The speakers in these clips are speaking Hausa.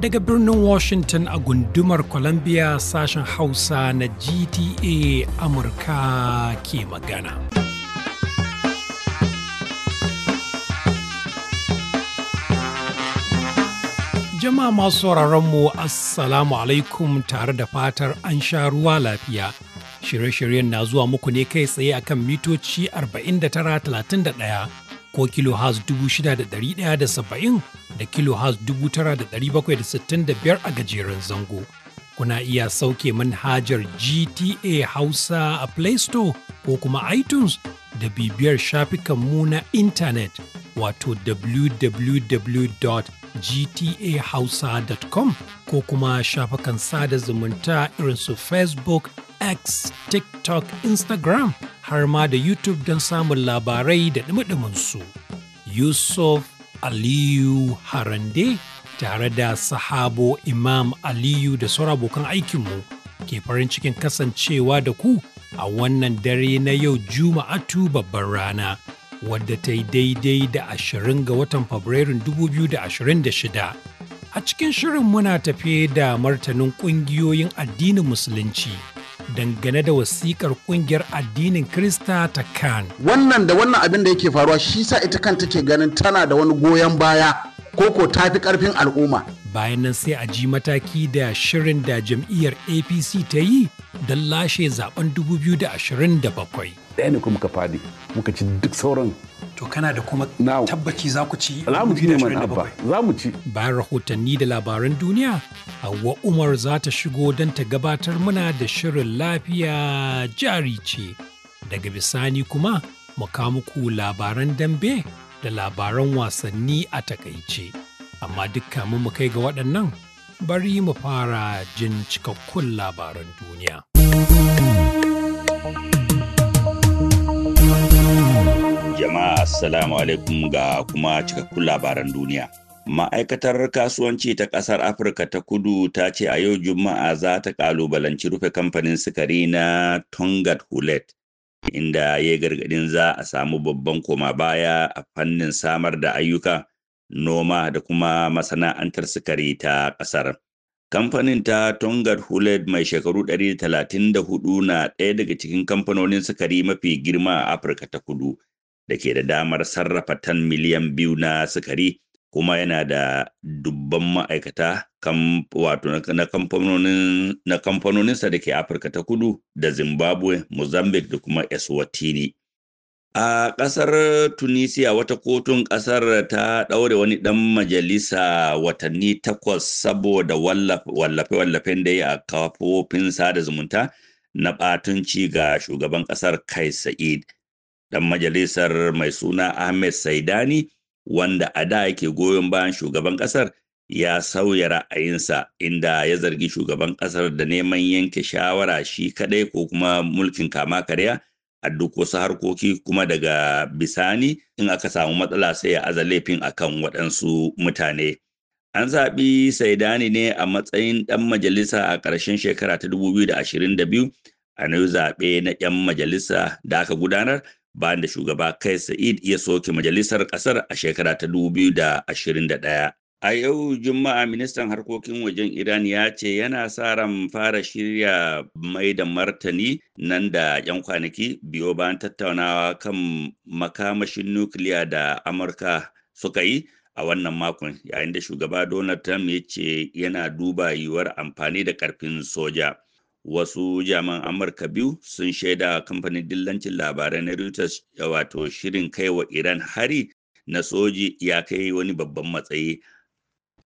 Daga birnin Washington a gundumar Columbia sashen Hausa na GTA Amurka ke magana. Jama'a masu mu Assalamu alaikum tare da fatar an sha ruwa lafiya. Shirye-shiryen na zuwa muku ne kai tsaye akan mitoci 49, 31 ko dubu 6,170 da da 9,765 a gajeren zango. Kuna iya sauke manhajar GTA Hausa a Play Store ko kuma iTunes da bibiyar shafikanmu na intanet wato www.gtahausa.com ko kuma shafukan sada zumunta irin su Facebook, X, TikTok, Instagram. har ma da YouTube don samun labarai da su Yusuf Aliyu Harande tare da sahabo Imam Aliyu da sauran abokan aikinmu ke farin cikin kasancewa da ku a wannan dare na yau Juma'atu babban rana wadda ta yi daidai da ashirin ga watan Fabrairun 2026. A cikin shirin muna tafe da martanin ƙungiyoyin addinin Musulunci. dangane da wasikar kungiyar addinin Krista ta kan. Wannan da wannan abin da yake faruwa shi sa ita kan take ganin tana da wani goyon baya koko ta fi karfin al'umma. Bayan nan sai a ji mataki da shirin da jam'iyyar APC ta yi don lashe zaben 2027. Ɗaya ne kuma muka fadi muka ci duk sauran To kana da kuma tabbaci za ku ci za mu ci Bayan rahotanni da labaran duniya, Hauwa Umar za ta shigo don ta gabatar muna da shirin lafiya jari ce. Daga bisani kuma mu labaran dambe da labaran wasanni a takaice. Amma duk mu kai ga waɗannan bari mu fara jin cikakkun labaran duniya. Jama'a Assalamu alaikum ga kuma cikakkun labaran duniya. Ma'aikatar kasuwanci ta ƙasar Afirka ta kudu ta ce a yau Juma'a za ta ƙalubalanci rufe kamfanin sukari na Tongat Hulet, inda ya gargaɗin za a samu babban koma baya a fannin samar da ayyuka, noma da kuma masana'antar sukari ta ƙasar. Kamfanin ta Tongat Hulet mai shekaru 134 na ɗaya daga cikin kamfanonin sukari mafi girma a Afirka ta kudu. da ke da damar sarrafa tan miliyan biyu na sukari kuma yana da dubban ma'aikata wato na kamfanoninsa da ke afirka ta kudu da zimbabwe mozambique da kuma eswatini a ƙasar tunisia wata kotun ƙasar ta ɗaure wani ɗan majalisa watanni takwas saboda wallafe-wallafen da ya a kafofin sada zumunta na ɓatunci ga shugaban ƙasar kai sa'id dan majalisar mai suna Ahmed Saidani wanda a da yake goyon bayan shugaban kasar ya sauya ra'ayinsa inda ya zargi shugaban kasar da neman yanke shawara shi kadai ko kuma mulkin kama karya a duk wasu harkoki kuma daga bisani in aka samu matsala sai ya aza laifin akan waɗansu mutane. An zaɓi Saidani ne a matsayin ɗan majalisa a ƙarshen shekara ta 2022 a na zaɓe na 'yan majalisa da aka gudanar bayan da shugaba kai sa'id ya soke majalisar kasar a shekara ta 2021 a yau juma'a ministan harkokin wajen iran ya ce yana sa ran fara shirya mai da martani nan da 'yan kwanaki biyo bayan tattaunawa kan makamashin nukiliya da amurka suka yi a wannan makon yayin da shugaba donald trump ya ce yana duba yiwuwar amfani da karfin soja wasu jami'an amurka biyu sun shaida kamfanin dillancin labarai na reuters wato shirin kaiwa iran hari na soji ya kai wani babban matsayi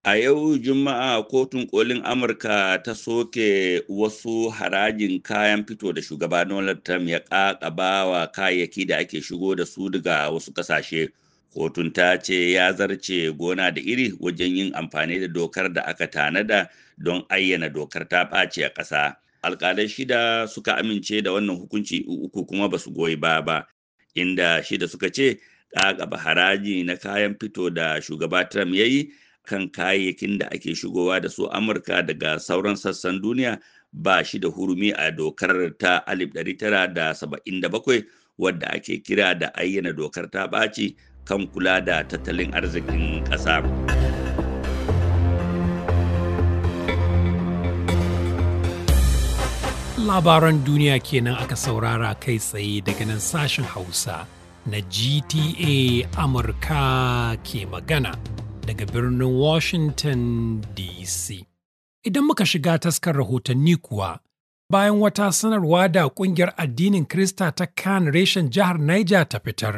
a yau juma'a kotun kolin amurka ta soke wasu harajin kayan fito da shugaba donald trump ya kakaba wa kayayyaki da ake shigo da su daga wasu kasashe kotun ta ce ya zarce gona da iri wajen yin amfani da dokar da aka tanada don ayyana dokar ta ɓace a ƙasa alƙalai shida suka amince da wannan hukunci uku kuma ba su goyi ba ba inda shida suka ce ƙaƙaba haraji na kayan fito da shugaba Trump ya yi kan kayayyakin da ake shigowa da su Amurka daga sauran sassan duniya ba shi da hurumi a dokar ta 1977 wadda ake kira da ayyana dokar ta ɓaci kan kula da tattalin arzikin ƙasa. labaran duniya kenan aka saurara kai tsaye daga nan sashen Hausa na GTA Amurka ke magana daga birnin Washington DC. Idan muka shiga taskar rahotanni kuwa, bayan wata sanarwa da kungiyar addinin Krista ta kan reshen jihar Niger ta fitar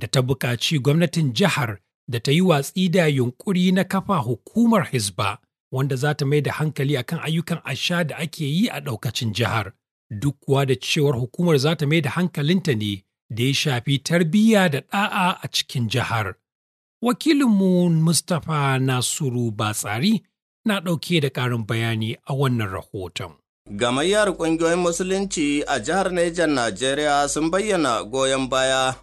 da ta buƙaci gwamnatin jihar da ta yi watsi da yunkuri na kafa hukumar Hizba. wanda za ta mai da hankali akan ayyukan asha da ake yi a ɗaukacin jihar. Duk kuwa da cewar hukumar za ta mai da hankalinta ne da ya shafi tarbiyya da ɗa'a a cikin jihar. Wakilinmu Mustapha Nasiru Batsari na ɗauke da ƙarin bayani a wannan rahoton. Gamayyar ƙungiyoyin Musulunci a jihar Nijar Najeriya sun bayyana goyon baya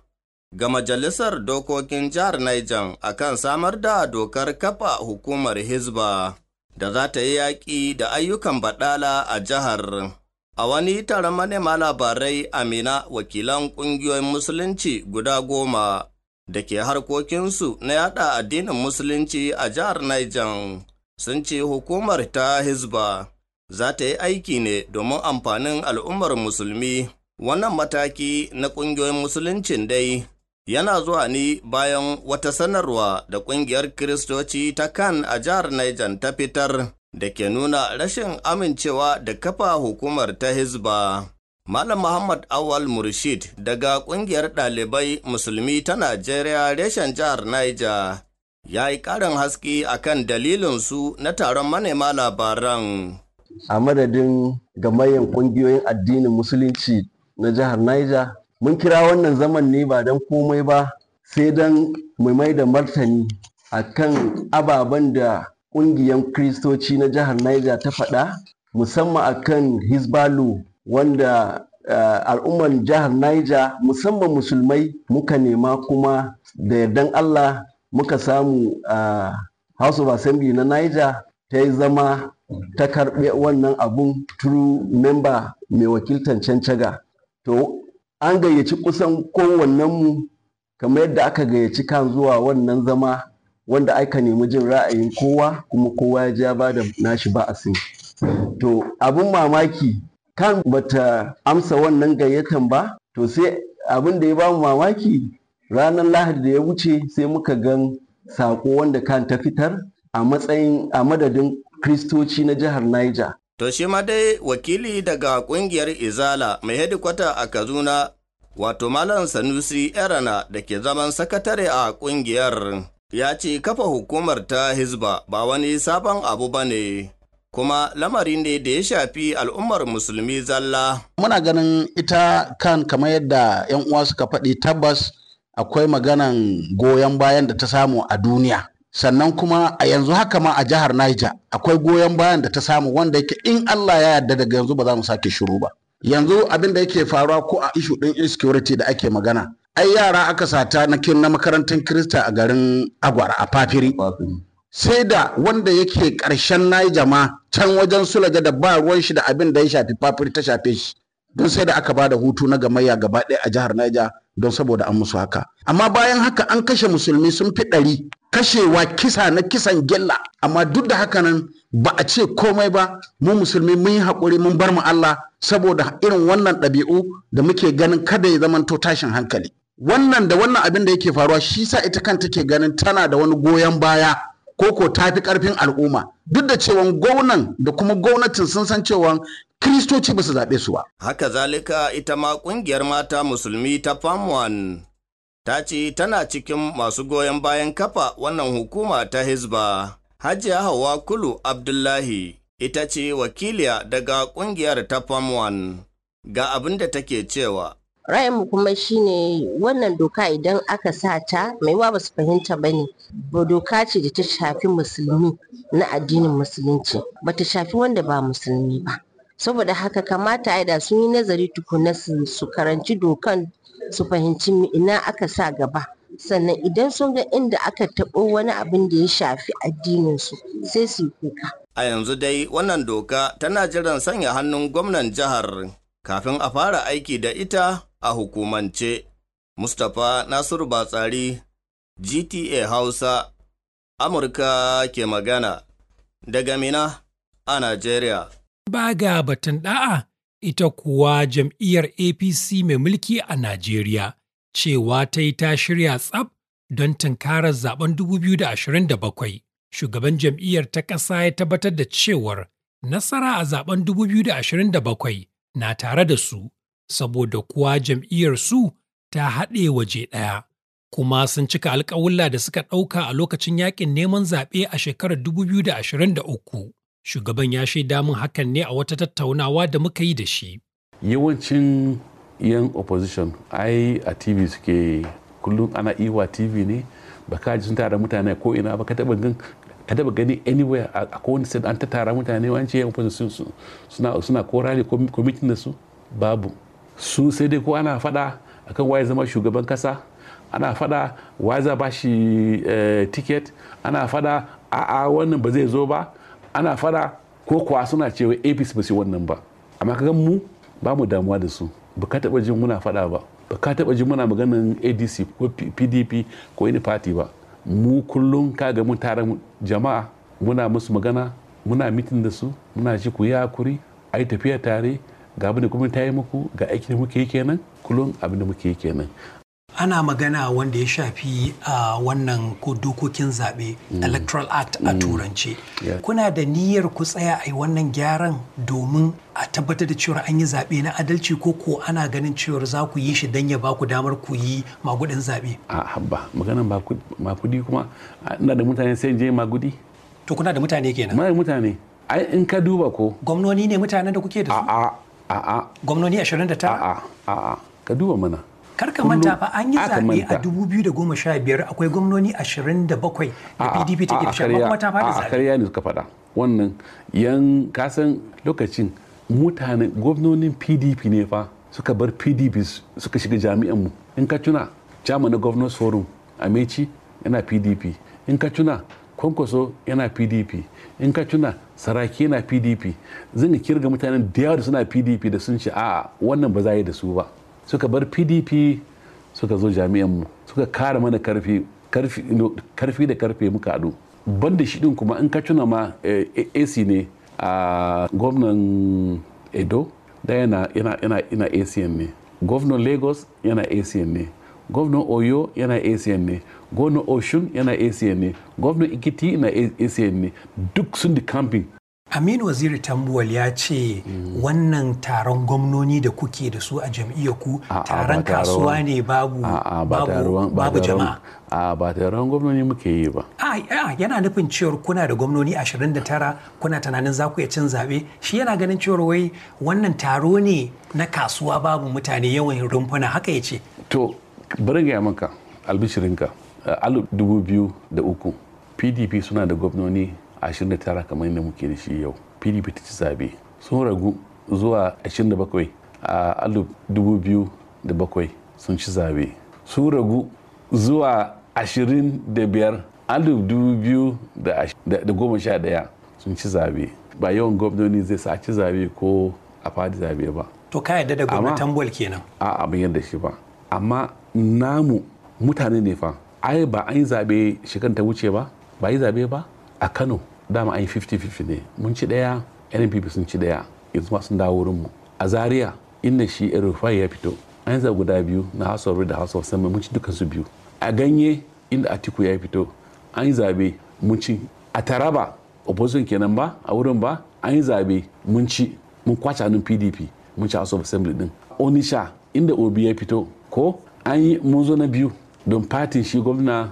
ga Majalisar Dokokin Jihar Nijar akan samar da dokar kafa hukumar Hizba. da za ta yi yaƙi da ayyukan baɗala a jihar. A wani taron manema labarai Amina wakilan ƙungiyoyin Musulunci guda goma da ke harkokinsu na yada addinin Musulunci a jihar Niger sun ce hukumar ta Hizba za ta yi aiki ne domin amfanin al'ummar Musulmi. Wannan mataki na ƙungiyoyin Musuluncin dai yana zuwa ne bayan wata sanarwa da ƙungiyar Kiristoci ta kan a jihar Niger ta fitar da ke nuna rashin amincewa da kafa hukumar ta Hizba. Malam Muhammad Awal Murshid daga ƙungiyar ɗalibai musulmi ta Najeriya reshen jihar Niger ya yi ƙarin haske a kan dalilinsu na taron manema labaran. A madadin gamayyar ƙungiyoyin addinin musulunci na jihar Niger mun kira wannan zaman ne ba don komai ba sai don mu mai da martani a kan ababen da ƙungiyar kristoci na jihar niger ta faɗa musamman a kan hisbalu wanda uh, al'ummar jihar niger musamman musulmai muka nema kuma da yardan allah muka samu a uh, eh, house of assembly na niger ta yi zama ta karɓe wannan abun true member mai wakiltan cancaga to an gayyaci kusan mu kamar yadda aka gayyaci kan zuwa wannan zama wanda aka nemi jin ra'ayin kowa kuma kowa ya ja ba da nashi ba ba'asin to abin mamaki kan bata amsa wannan gayyatan ba to sai abin da ya ba mu mamaki ranar lahadi da ya wuce sai muka gan sako wanda kan ta fitar a matsayin a madadin kristoci na jihar niger To shi ma dai wakili daga ƙungiyar Izala mai hedikwata a Kazuna wato Malam Sanusi Erana da ke zaman sakatare a ƙungiyar, ya ce kafa hukumar ta Hizba ba wani sabon abu ba ne. kuma lamari ne da ya shafi al'ummar musulmi zalla. Muna ganin ita kan kamar yadda 'yan uwa suka faɗi tabbas akwai maganan goyon bayan da ta samu a duniya. sannan kuma a yanzu haka ma a jihar Niger akwai goyon bayan da ta samu wanda yake in Allah ya yarda daga yanzu ba za mu sake shiru ba yanzu abin da yake faruwa ko a ishu din insecurity da ake magana ai yara aka sata na na makarantar Kirista a garin Agwara a Papiri. sai da wanda yake karshen Niger ma can wajen Sulaja da ba ruwan shi da abin da ya shafi Papiri ta shafe shi don sai da aka ba da hutu na gamayya gaba ɗaya a jihar Niger don saboda an musu haka amma bayan haka an kashe musulmi sun fi ɗari kashewa kisa na kisan gilla amma duk da haka nan ba a ce komai ba mu musulmi mun yi haƙuri mun bar mu Allah saboda irin wannan ɗabi'u da muke ganin kada ya zamanto tashin hankali wannan da wannan abin da yake faruwa shi sa ita kan take ganin tana da wani goyon baya ko ko ta fi ƙarfin al'umma duk da cewa gwamnan da kuma gwamnatin sun san cewa kiristoci ba su zaɓe su ba. Haka zalika ita ma ƙungiyar mata musulmi ta Farm ta ce tana cikin masu goyon bayan kafa wannan hukuma ta Hizba. Hajiya Hawa Kulu Abdullahi ita ce wakiliya daga kungiyar ta One. Ga abin da take cewa. Ra'ayinmu kuma shine wannan doka idan aka sa ta mai wa ba su fahimta ba ne. Ba Doka ce da ta shafi musulmi na addinin musulunci. Ba ta shafi wanda ba musulmi ba. saboda haka kamata a da sun yi nazari tukuna su karanci dokan su fahimci ina aka sa gaba sannan idan sun ga inda aka taɓo wani abin da ya shafi addininsu sai su yi kuka. A yanzu dai wannan doka tana jiran sanya hannun gwamnan jihar kafin a fara aiki da ita a hukumance. Mustapha Nasiru Batsari, GTA Hausa, Amurka ke magana, daga Mina a Najeriya. Ba ga batun ɗa'a ita kuwa jam'iyyar APC mai mulki a Najeriya cewa ta yi ta shirya tsab don tunkarar zaben 2027. Shugaban jam'iyyar ta ƙasa ya tabbatar da cewar nasara a zaben 2027 na tare da su, saboda kuwa jam'iyyar su ta haɗe waje ɗaya. Kuma sun cika alƙawulla da suka ɗauka a lokacin yaƙin neman zaɓe a shekarar 2023. Shugaban ya shaida min hakan ne a wata tattaunawa da muka yi da shi. Yawancin yan opposition ai a TV suke kullum ana iwa TV ne ba ka ji sun tara mutane ko ina ba ka taba gani anywhere a kowane sai an ta tara mutane wance yan opposition suna suna ko ne kwamitin su babu su sai dai ko ana fada akan waye zama shugaban kasa ana fada waye za ba shi eh, ticket ana fada a'a wannan ba zai zo ba ana fara ko kuwa suna cewa apc ba su wannan ba amma ka mu ba mu damuwa da su ba ka taɓa jin muna faɗa ba ba ka taɓa jin muna maganin adc ko pdp ko wani party ba mu kullum kaga mun tare jama'a muna musu magana muna mitin da su muna ji ku yi kuri a yi tafiya tare ga abin da kuma ta yi muku ga aikin da muke yi kenan kullum abin da muke yi kenan ana magana wanda ya shafi a wannan dokokin zaɓe mm. electoral act a mm. turance kuna da niyyar ku tsaya a wannan gyaran domin a tabbatar da cewar an yi zaɓe na adalci ko ko ana ganin cewar za ku yi shi don ya ba ku damar ku yi magudin zaɓe a habba maganan magudi kuma ina da mutane sai je magudi to kuna da mutane kenan mai mutane ai in ka duba ko gwamnoni ne mutanen da kuke da su a a gwamnoni 29 a a ka duba mana karka manta fa an yi zaɓe a 2015 akwai gwamnoni 27 da pdp take da shafa kuma ta fara zaɓe a karya ne suka faɗa wannan yan kasan lokacin mutane gwamnonin pdp ne fa suka bar pdp suka shiga jami'an mu in ka tuna jami'an na governors forum amechi yana pdp in ka tuna kwankwaso yana pdp in ka tuna saraki yana pdp zan kirga mutanen da yawa da suna pdp da sun ce a'a wannan ba za yi da su ba suka bar pdp suka zo jami'an jami'anmu suka kara mana karfi da karfe muka haɗu banda shi din kuma in ka tuna ma eh, ac ne a gwamnan edo da yana yana acn ne gwamnan lagos yana acn ne gwamnan oyo yana acn ne gwamnan oshun yana acn ne gwamnan ikiti yana acn ne duk sun di camping Aminu Waziri Tambuwal ya ce mm. wannan taron gwamnoni da kuke da su a ku taron kasuwa ne babu jama'a. A ba taron gwamnoni muke yi ba. yana nufin cewar kuna da gwamnoni 29 kuna tunanin za ku cin zaɓe shi yana ganin cewar wai wannan taro ne na kasuwa babu mutane yawan rumfuna haka ya ce. To bari gaya maka albishirinka alif uku PDP suna da gwamnoni 29 kamar yadda muke da shi yau pdp ta ci zabe sun ragu zuwa 27 a 2007 sun ci zabe sun ragu zuwa 25 2011 sun ci zabe ba yawan gwamnoni zai sa ci zabe ko a fadi zabe ba to ka yadda da gwamnatin bol kenan a abin yadda shi ba amma namu mutane ne fa ai ba an yi zabe shekaran ta wuce ba ba yi zabe ba a kano dama an yi 50-50 ne mun ci daya npp sun ci daya yanzu ma sun dawo mu. a zaria inda shi rufa ya fito an yi guda biyu na house da house of mun ci dukkan su biyu a ganye inda atiku ya fito an yi zabe mun ci a taraba opposition kenan ba a wurin ba an yi zabe mun ci mun kwace hannun pdp mun ci house of assembly din onisha inda obi ya fito ko an yi mun zo na biyu don fatin shi gwamna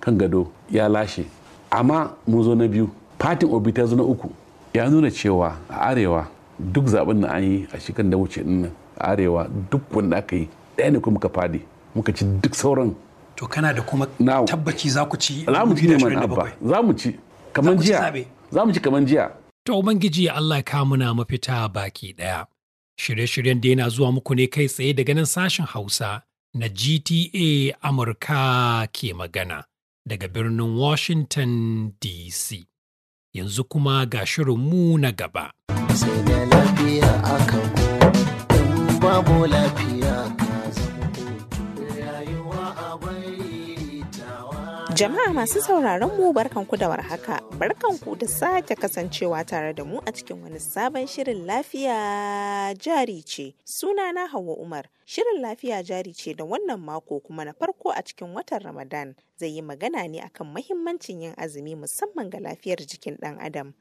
kan gado ya lashe amma mun zo na biyu fatin obi ta zo na uku ya nuna cewa a arewa duk zaben da an yi a shekarar da wuce din a arewa duk wanda aka yi ɗaya ne kuma muka fadi muka ci duk sauran to kana da kuma tabbaci za ku ci za mu ci neman abba za mu ci kamar jiya za mu ci kamar jiya to ubangiji Allah ka muna mafita baki ɗaya shirye-shiryen da yana zuwa muku ne kai tsaye daga nan sashen Hausa na GTA Amurka ke magana daga birnin Washington DC. Yanzu kuma ga shirinmu na gaba. Sai da lafiya akan babu lafiya Jama'a masu sauraron mu barkanku da warhaka, barkanku da sake kasancewa tare da mu a cikin wani sabon shirin lafiya jari ce. suna na Hauwa Umar, shirin lafiya jari ce da wannan mako kuma na farko a cikin watan Ramadan zai yi magana ne akan mahimmancin yin azumi musamman ga lafiyar jikin ɗan Adam.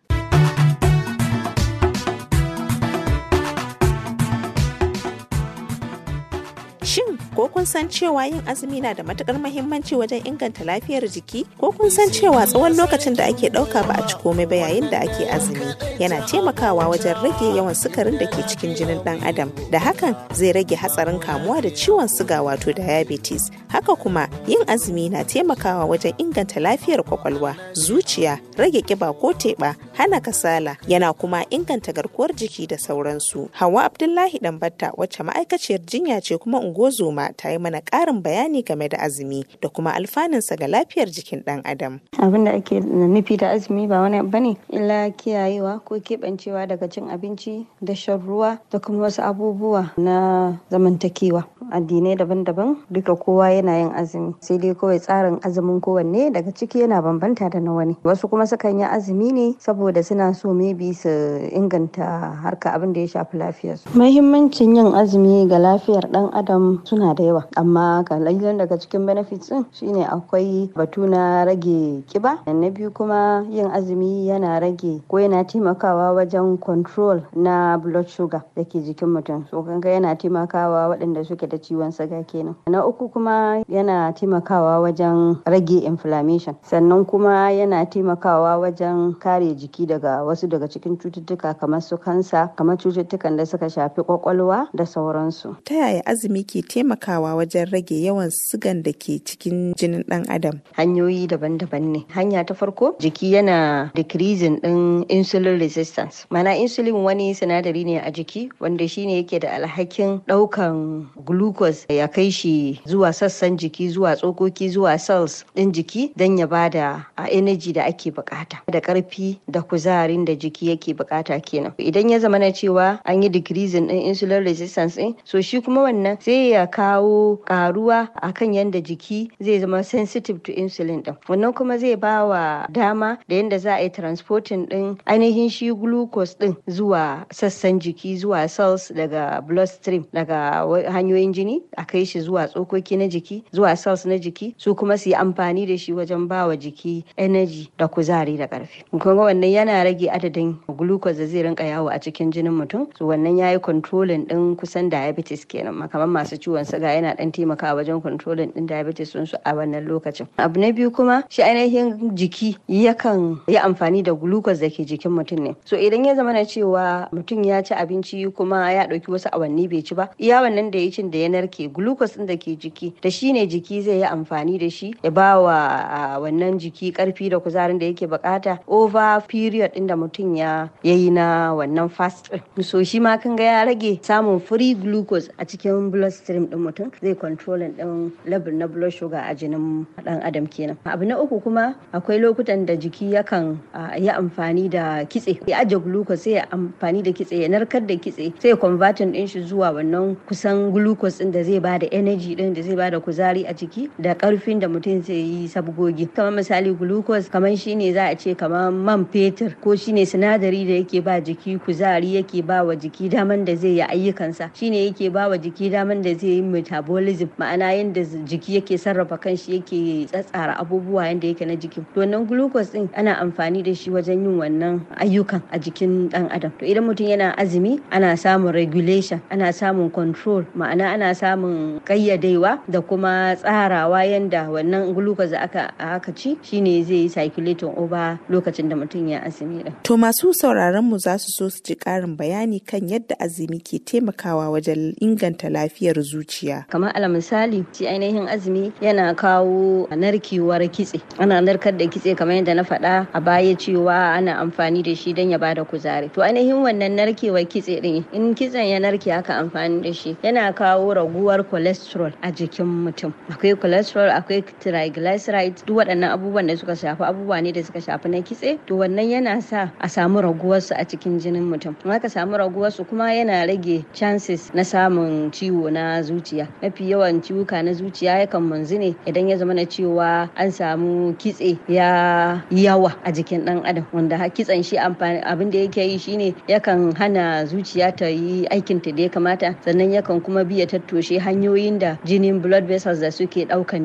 Shin ko kun san cewa yin azumi na da matukar muhimmanci wajen inganta lafiyar jiki? Ko kun san cewa tsawon lokacin da ake ɗauka ba a ci komai ba yayin da ake azumi yana taimakawa wajen rage yawan sukarin da ke cikin jinin ɗan adam da hakan zai rage hatsarin kamuwa da ciwon suga wato diabetes Haka kuma yin azumi na taimakawa wajen inganta lafiyar kwakwalwa, zuciya, rage kiba ko teɓa, hana kasala, yana kuma inganta garkuwar jiki da sauransu. Hawa Abdullahi Dambatta wacce ma'aikaciyar jinya ce kuma ungozoma ta yi mana ƙarin bayani game da azumi da kuma alfanunsa ga lafiyar jikin ɗan adam. Abin da ake nufi da azumi ba wani ba ne. illa kiyayewa ko keɓancewa daga cin abinci da shan ruwa da kuma wasu abubuwa na zamantakewa addinai daban-daban duka kowa ya. yana yin azumi sai dai kawai tsarin azumin kowanne daga ciki yana bambanta da na wani wasu kuma sukan yi azumi ne saboda suna so maybe su inganta harka abin da ya shafi lafiyarsu muhimmancin yin azumi ga lafiyar dan adam suna da yawa amma kalilan daga cikin benefits din shine akwai batu na rage kiba na biyu kuma yin azumi yana rage ko yana taimakawa wajen control na blood sugar da ke jikin mutum so yana taimakawa waɗanda suke da ciwon suga kenan na uku kuma yana taimakawa wajen rage inflammation sannan kuma yana taimakawa wajen kare jiki daga wasu daga cikin cututtuka kamar su kansa kamar cututtukan da suka shafi kwakwalwa da sauransu ta yaya azumi ke taimakawa wajen rage yawan sigan da ke cikin jinin dan adam hanyoyi daban-daban ne hanya ta farko jiki yana decreasing din insulin resistance mana insulin wani sinadari ne a jiki wanda shine yake da alhakin daukan glucose ya kai shi zuwa sassa sassan jiki zuwa tsokoki zuwa cells ɗin jiki don ya bada a energy da ake bukata da karfi da kuzarin da jiki yake bukata kenan idan ya zama na cewa an yi decreasing ɗin insulin resistance ɗin so shi kuma wannan sai ya kawo karuwa kan yadda jiki zai zama sensitive to insulin ɗin wannan kuma zai ba wa dama da yadda za a yi transporting ɗin ainihin shi glucose ɗin zuwa sassan jiki zuwa cells daga bloodstream daga hanyoyin jini a kai shi zuwa tsokoki na jiki jiki zuwa cells na jiki su kuma su yi amfani da shi wajen bawa jiki energy da kuzari da karfi mun ga wannan yana rage adadin glucose da zai rinka yawo a cikin jinin mutum so wannan yayi controlling din kusan diabetes kenan kamar masu ciwon suga yana dan taimakawa wajen controlling din diabetes sun su a wannan lokacin abu na biyu kuma shi ainihin jiki yakan yi amfani da glucose da ke jikin mutum ne so idan ya zama na cewa mutum ya ci abinci kuma ya ɗauki wasu awanni bai ci ba iya wannan da ya cin da ya narke glucose din da ke jiki da shi shi ne jiki zai yi amfani da shi ya ba wa wannan jiki karfi da kuzarin da yake bukata over period din da mutum ya yayi na wannan fast so shi ma kan ga ya rage samun free glucose a cikin blood stream din mutum zai control din level na blood sugar a jinin dan adam kenan abu na uku kuma akwai lokutan da jiki yakan yi amfani da kitse ya aje glucose sai ya amfani da kitse ya narkar da kitse sai converting din shi zuwa wannan kusan glucose din da zai ba da energy din da zai ba da. kuzari a jiki da karfin da mutum zai yi sabgogi kamar misali glucose kamar shine za a ce kamar man fetur ko shine sinadari da yake ba jiki kuzari yake ba wa jiki daman da zai yi ayyukansa shine yake ba wa jiki daman da zai yi metabolism ma'ana yadda jiki yake sarrafa kanshi yake tsatsara abubuwa yadda yake na jiki to wannan glucose din ana amfani da shi wajen yin wannan ayyukan a jikin dan adam to idan mutum yana azumi ana samun regulation ana samun control ma'ana ana samun kayyadewa da kuma tsarawa yadda wannan glucose aka aka ci shine zai yi circulating over lokacin da mutum ya azumi din to masu sauraron mu za su so su ji karin bayani kan yadda azumi ke taimakawa wajen inganta lafiyar zuciya kamar ala misali shi ainihin azumi yana kawo narkewar kitse ana narkar da kitse kamar yadda na faɗa a baya cewa ana amfani da shi don ya bada kuzari to ainihin wannan narkewar kitse din in kitsen ya narke aka amfani da shi yana kawo raguwar cholesterol a jikin mutum akwai cholesterol akwai triglycerides duk waɗannan abubuwan da suka shafi abubuwa ne da suka shafi na kitse to wannan yana sa a samu raguwar su a cikin jinin mutum kuma ka samu raguwar su kuma yana rage chances na samun ciwo na zuciya mafi yawan ciwuka na zuciya yakan manzu ne idan ya zama na cewa an samu kitse ya yawa a jikin ɗan adam wanda kitsen shi amfani abin da yake yi shine yakan hana zuciya ta yi aikin ta da ya kamata sannan yakan kuma biya tattoshe hanyoyin da jinin blood vessels da suke daukan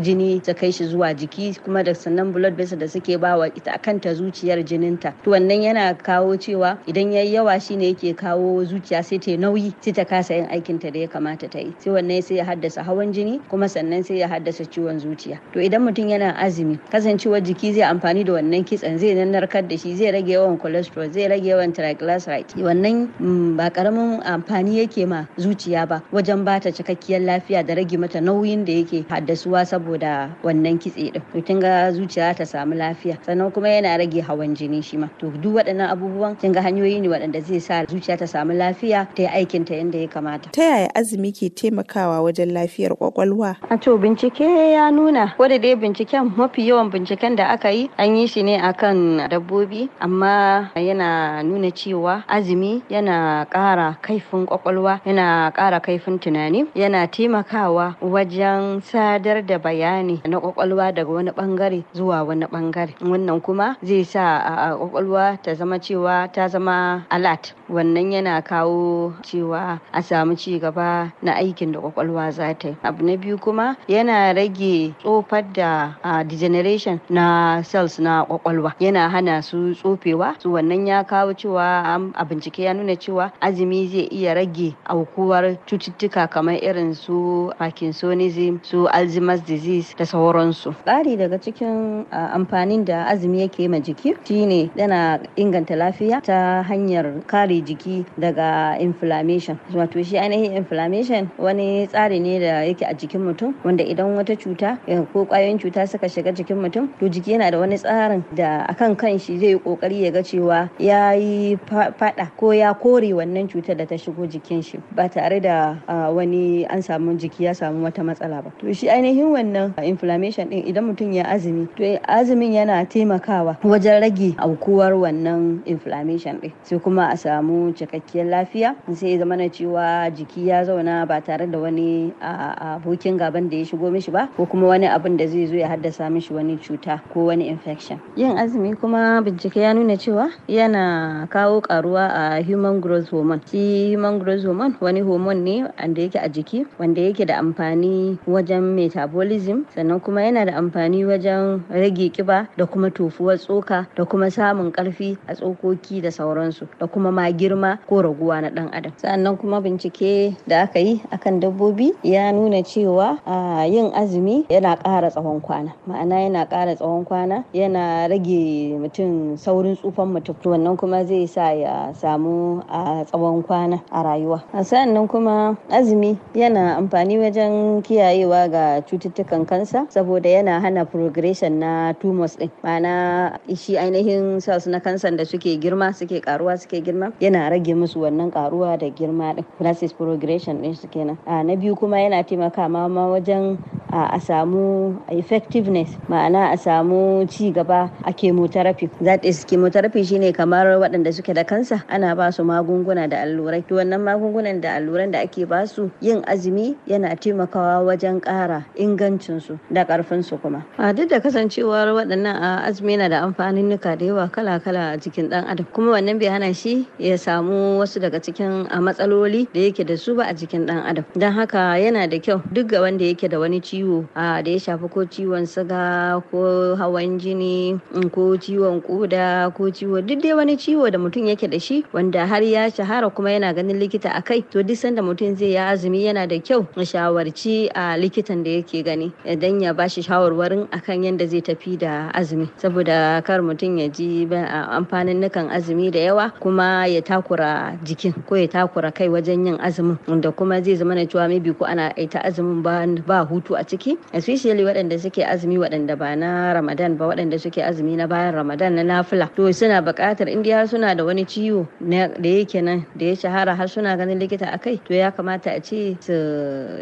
jini ta kai shi zuwa jiki kuma da sannan blood vessels da suke bawa ita kanta zuciyar jininta to wannan yana kawo cewa idan yayi yawa shine yake kawo zuciya sai ta nauyi sai ta kasa yin aikinta da ya kamata ta yi sai wannan sai ya haddasa hawan jini kuma sannan sai ya haddasa ciwon zuciya to idan mutum yana azumi kasancewar jiki zai amfani da wannan kitsen zai narkar da shi zai rage yawan cholesterol zai rage yawan triglycerides wannan mm, ba karamin amfani yake ma zuciya ba wajen bata cikakkiyar lafiya da rage mata masa nauyin da yake haddasuwa saboda wannan kitse din to kin ga zuciya ta samu lafiya sannan kuma yana rage hawan jini shi ma to duk waɗannan abubuwan kin ga hanyoyi ne waɗanda zai sa zuciya ta samu lafiya ta yi aikin ta yadda ya kamata ta yaya azumi ke taimakawa wajen lafiyar kwakwalwa a to bincike ya nuna wanda dai binciken mafi yawan binciken da aka yi an yi shi ne akan dabbobi amma yana nuna cewa azumi yana ƙara kaifin kwakwalwa yana ƙara kaifin tunani yana taimakawa wajen sadar da bayani na kwakwalwa daga wani bangare zuwa wani bangare wannan kuma zai sa a kwakwalwa ta zama cewa ta zama alat wannan yana kawo cewa a samu ci gaba na aikin da kwakwalwa za ta yi abu na biyu kuma yana rage tsofar da degeneration na cells na kwakwalwa yana hana su tsofewa su wannan ya kawo cewa a bincike ya nuna cewa azumi zai iya rage aukuwar cututtuka kamar irin su Parkinson parkinsonism su alzheimer's disease da sauransu ƙari daga cikin amfanin da azumi yake ma jiki shine yana inganta lafiya ta hanyar kare jiki daga inflammation wato shi ainihin inflammation wani tsari ne da yake a jikin mutum wanda idan wata cuta eh, ko kwayoyin cuta suka shiga jikin mutum to jiki yana da wani tsarin da akan kan shi zai yi kokari ya ga cewa ya yi fada ko ya kore wannan cutar da ta shigo jikin shi ba tare da wani an samu jiki ya samu wata matsala ba to shi ainihin wannan ah, inflammation din idan mutum ya azumi to azumin yana taimakawa wajen rage aukuwar wannan inflammation din sai kuma a samu cikakkiyar lafiya sai zama na cewa jiki ya zauna ba tare da wani ah, ah, abokin gaban da ya shigo mishi ba ko kuma wani abin da zai zo ya haddasa mishi wani cuta ko wani infection yin azumi kuma bincike ya nuna cewa yana kawo karuwa a human growth hormone shi human growth hormone wani hormone ne wanda yake a jiki wanda yake da amfani amfani wajen metabolism sannan kuma yana da amfani wajen rage kiba da kuma tofuwar tsoka da kuma samun karfi a tsokoki da sauransu da kuma ma girma ko raguwa na dan adam sannan kuma bincike da aka yi akan dabbobi ya nuna cewa a yin azumi yana ƙara tsawon kwana ma'ana yana ƙara tsawon kwana yana rage mutum saurin tsufan mutum wannan kuma zai sa ya samu a tsawon kwana a rayuwa sannan kuma azumi yana amfani wajen kiyayewa ga cututtukan kansa saboda yana hana progression na tumors din ma'ana shi ainihin cells na kansan da suke girma suke karuwa suke girma yana rage musu wannan karuwa da girma din process progression din su kenan a na biyu kuma yana taimaka ma wajen a samu effectiveness ma'ana a samu ci gaba a chemotherapy that is chemotherapy shine kamar waɗanda suke da kansa ana ba su magunguna da allurai to wannan magungunan da alluran da ake ba su yin azumi yana taimaka taimakawa wajen ƙara ingancinsu da ƙarfinsu kuma. A duk da kasancewar waɗannan a azumi na da amfanin nuka da yawa kala-kala a jikin ɗan adam kuma wannan bai hana shi ya samu wasu daga cikin a matsaloli da yake da su ba a jikin ɗan adam. Don haka yana da kyau duk ga wanda yake da wani ciwo a da ya shafi ko ciwon siga ko hawan jini mm, ko ciwon ƙuda ko ciwo duk dai wani ciwo da mutum yake da shi wanda har ya shahara kuma yana ganin likita a kai to duk sanda mutum zai yi azumi yana da kyau a shawarci shawarci a likitan da yake gani idan eh, ya ba shi shawarwarin akan yadda zai tafi da azumi saboda kar mutum ya ji amfanin nukan azumi da yawa kuma ya takura jikin ko ya takura kai wajen yin azumin da kuma zai zama na cewa mai ko ana aita azumin ba hutu a ciki especially waɗanda suke azumi waɗanda ba na ramadan ba waɗanda suke azumi na bayan ramadan na nafila to suna buƙatar indiya suna da wani ciwo da yake nan da ya shahara har suna ganin likita akai to ya kamata a ce su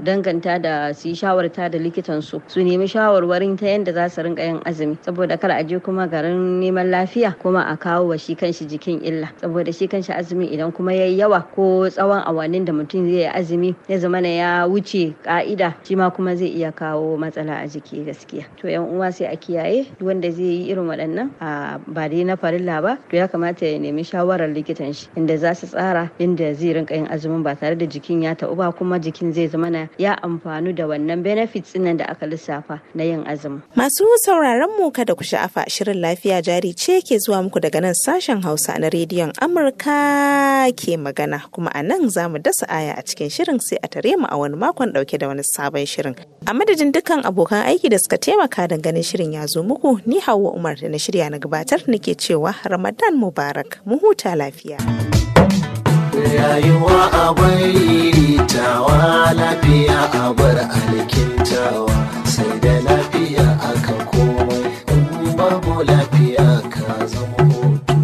danganta ta da su yi shawarta da likitan su su nemi shawarwarin ta yadda za su rinka yin azumi saboda kar a je kuma garin neman lafiya kuma a kawo wa shi kanshi jikin illa saboda shi kanshi azumi idan kuma yayi yawa ko tsawon awannin da mutum zai yi azumi ya zama ya wuce ka'ida shi ma kuma zai iya kawo matsala a jiki gaskiya to yan uwa sai a kiyaye wanda zai yi irin waɗannan a ba dai na farilla ba to ya kamata ya nemi shawarar likitan shi inda za su tsara inda zai rinka yin azumin ba tare da jikin ya tau ba kuma jikin zai zama ya amfani amfanu da wannan benefits nan da aka lissafa na yin azumi. Masu sauraron mu kada ku sha'afa shirin lafiya jari ce ke zuwa muku daga nan sashen Hausa na rediyon Amurka ke magana kuma a nan za mu dasa aya a cikin shirin sai a tare mu a wani makon dauke da wani sabon shirin. A madadin dukkan abokan aiki da suka taimaka don ganin shirin ya zo muku ni Hauwa Umar da na shirya na gabatar nake cewa Ramadan Mubarak mu huta lafiya. rayuwa a bari lafiya a bar alkintawa sai da lafiya aka komai in babu lafiya ka zama hutu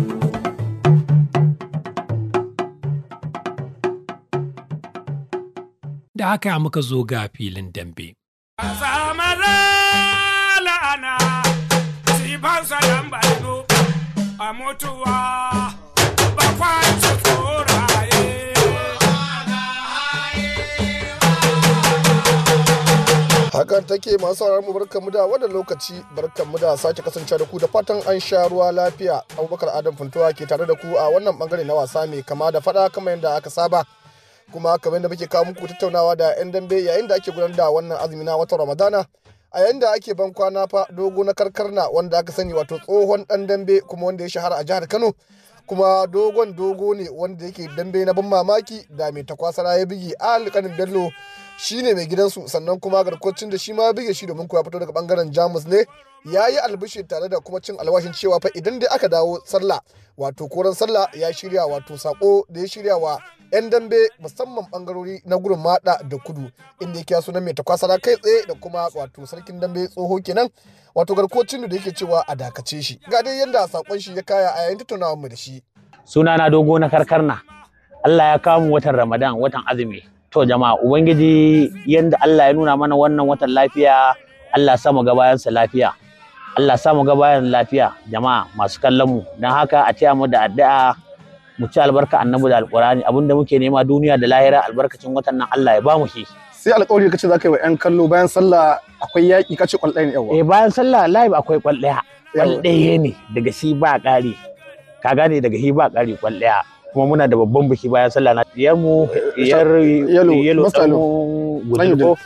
da haka muka zo ga filin dambe la'ana, sifansa dan a mutu hakan take masu sauraron mu mu da wannan lokaci mu da sake kasancewa da ku da fatan an sha ruwa lafiya abubakar adam funtuwa ke tare da ku a wannan bangare na wasa mai kama da fada kamar yadda aka saba kuma kamar yadda muke kawo muku tattaunawa da yan dambe yayin da ake gudanar da wannan azumi na watan ramadana a yayin da ake ban kwana fa dogo na karkarna wanda aka sani wato tsohon dan dambe kuma wanda ya shahara a jihar kano kuma dogon dogo ne wanda yake dambe na ban mamaki da mai takwasara ya bige alƙalin bello shi ne mai gidansu sannan kuma garkocin da shi ma bige shi domin kuwa fito daga bangaren jamus ne ya yi albishi tare da kuma cin alwashin cewa fa idan dai aka dawo sallah wato koran sallah ya shirya wato sako da ya shirya wa 'yan dambe musamman bangarori na gurin mada da kudu inda yake sunan mai takwasara kai tsaye da kuma wato sarkin dambe tsoho kenan wato garkocin da yake cewa a dakace shi ga dai yadda sakon shi ya kaya a yayin tattaunawa mu da shi sunana dogo na karkarna Allah ya kawo mu watan Ramadan watan azumi to jama'a ubangiji yanda Allah ya nuna mana wannan watan lafiya Allah sa mu ga bayansa lafiya Allah sa mu ga bayan lafiya jama'a masu kallon mu don haka a taya mu da addu'a mu ci albarka annabi da alqur'ani abinda muke nema duniya da lahira albarkacin watan nan Allah ya ba mu shi sai alƙawari kace zaka yi wa ƴan kallo bayan sallah akwai yaƙi kace kwal ne yawa eh bayan sallah live akwai kwal ɗaya ne daga shi ba ƙari ka gane daga shi ba ƙari kwal kuma muna da babban biki bayan sallah na yamu yar yelo Yau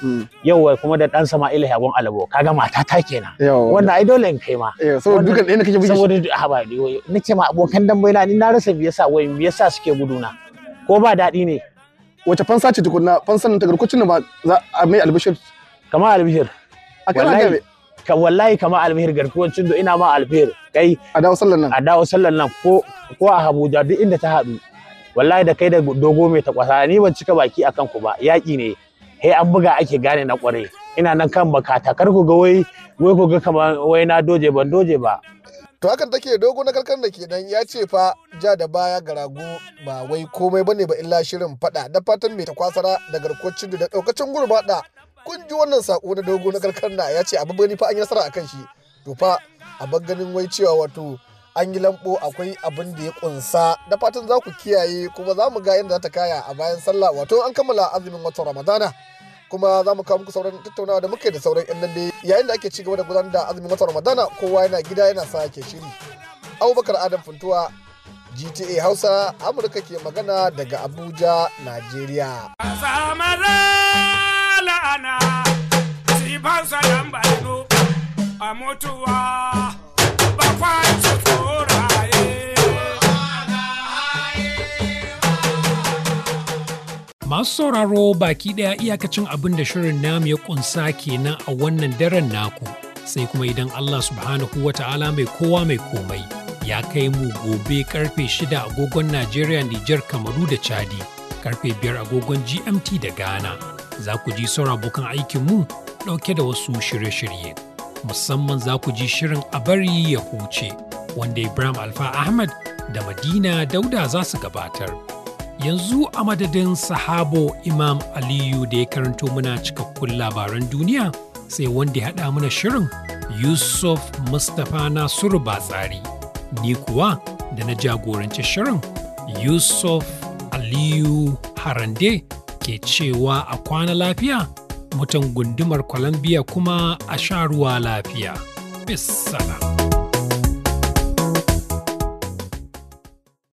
yawa kuma da dan sama'ila yagon alabo kaga mata ta kenan wannan ai dole in kai ma eh, saboda dukan ɗaya kake biki saboda ha ba nake ma abokan dambe na ni na rasa me yasa wai me yasa suke guduna ko ba daɗi ne wace fansa ce tukunna fansan ta garkucin ba za a mai albishir kamar albishir wallahi ka wallahi kamar albishir garkuwar cindo ina ma albishir kai a dawo sallan nan a dawo sallan nan ko ko a Abuja duk inda ta haɗu wallahi da kai da dogo mai ta kwasa ni ban cika baki akan ku ba Yaki ne he an buga ake gane na kware ina nan kan baka ta, kar ku ga wai wai ku ga kamar wai na doje ban doje ba to hakan take dogo na karkar da kenan ya ce fa ja da baya ga rago ba wai komai bane ba illa shirin fada da fatan mai ta kwasara da garkocin da daukacin gurbada kun ji wannan sako na dogo na karkar da ya ce abu fa an yi nasara akan shi to fa a ganin wai cewa wato an yi lambo akwai abin da ya kunsa da fatan za ku kiyaye kuma za mu ga yadda za ta kaya a bayan sallah wato an kammala azumin watan ramadana kuma za mu kawo muku sauran tattaunawa da muke da sauran yan lalle yayin da ake cigaba da gudanar da azumin watan ramadana kowa yana gida yana sake shiri abubakar adam funtuwa gta hausa amurka ke magana daga abuja najeriya a mutuwa Masu sauraro baki ɗaya iyakacin abin da shirin namu ya ƙunsa kenan a wannan daren naku, sai kuma idan Allah subhanahu wa ta'ala mai kowa mai komai ya kai mu gobe karfe shida agogon Najeriya, Nijar, Kamaru da Chadi, karfe biyar agogon GMT da Ghana. Za ku ji saura abokan aikin mu ɗauke da wasu shirye-shirye. Musamman za ku ji shirin a bari ya huce, wanda Ibrahim Alfa Ahmad da Madina Dauda za su gabatar. yanzu a madadin sahabo imam aliyu da ya karanto muna cikakkun labaran duniya sai wanda ya haɗa mana shirin yusuf mustapha nasiru batsari ni kuwa da na jagoranci shirin yusuf aliyu harande ke cewa a kwana lafiya mutan gundumar columbia kuma a sha ruwa lafiya bis